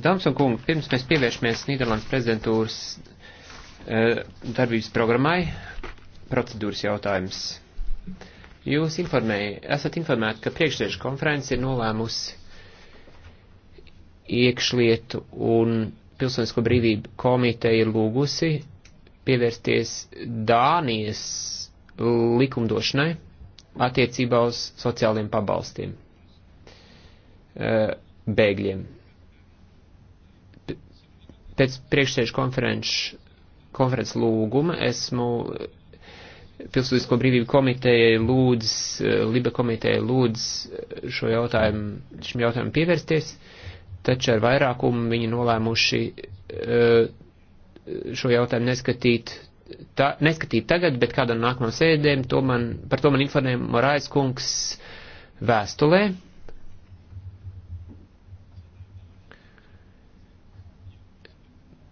Dāmas un kungi, pirms mēs pievēršamies Nīderlandes prezidentūras eh, darbības programmai, procedūras jautājums. Jūs informēja, esat informēti, ka priekšsēžu konference ir nolēmusi iekšlietu un pilsonisko brīvību komiteja lūgusi pievērsties Dānijas likumdošanai attiecībā uz sociāliem pabalstiem eh, bēgļiem. Pēc priekšsēžu konferences lūguma esmu Pilsūtisko brīvību komiteja lūdz, eh, Liba komiteja lūdz eh, šo jautājumu, šim jautājumam pievērsties, taču ar vairākumu viņi nolēmuši eh, šo jautājumu neskatīt, tā, neskatīt tagad, bet kādā no nākamajām sēdēm, to man, par to man informēja Morais kungs vēstulē,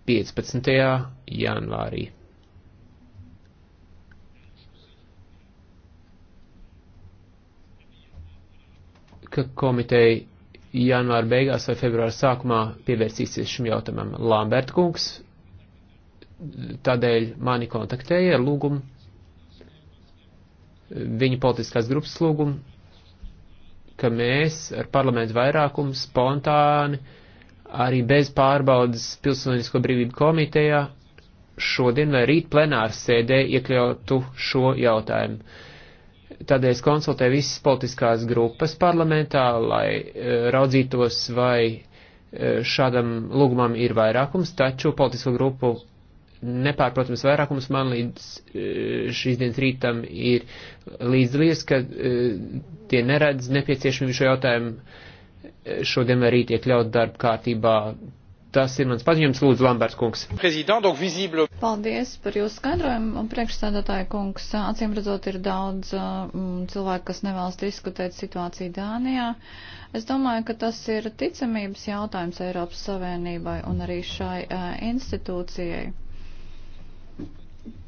15. janvārī. Ka komiteja janvāra beigās vai februāra sākumā pievērsīsies šim jautājumam Lamberta kungs, tādēļ mani kontaktēja ar lūgumu, viņa politiskās grupas lūgumu, ka mēs ar parlamentu vairākumu spontāni uh, arī bez pārbaudas Pilsonisko brīvību komitejā šodien vai rīt plenārs sēdē iekļautu šo jautājumu. Tādēļ es konsultēju visas politiskās grupas parlamentā, lai e, raudzītos, vai e, šādam lūgumam ir vairākums, taču politisko grupu nepārprotams vairākums man līdz e, šīs dienas rītam ir līdzlies, ka tie neredz nepieciešamību šo jautājumu šodien vai rīt iekļaut darba kārtībā. Tas ir mans paziņojums, lūdzu, Lamberts kungs. Paldies par jūsu skaidrojumu, un priekšstādātāja kungs, acīm redzot, ir daudz um, cilvēku, kas nevēlas diskutēt situāciju Dānijā. Es domāju, ka tas ir ticamības jautājums Eiropas Savienībai un arī šai uh, institūcijai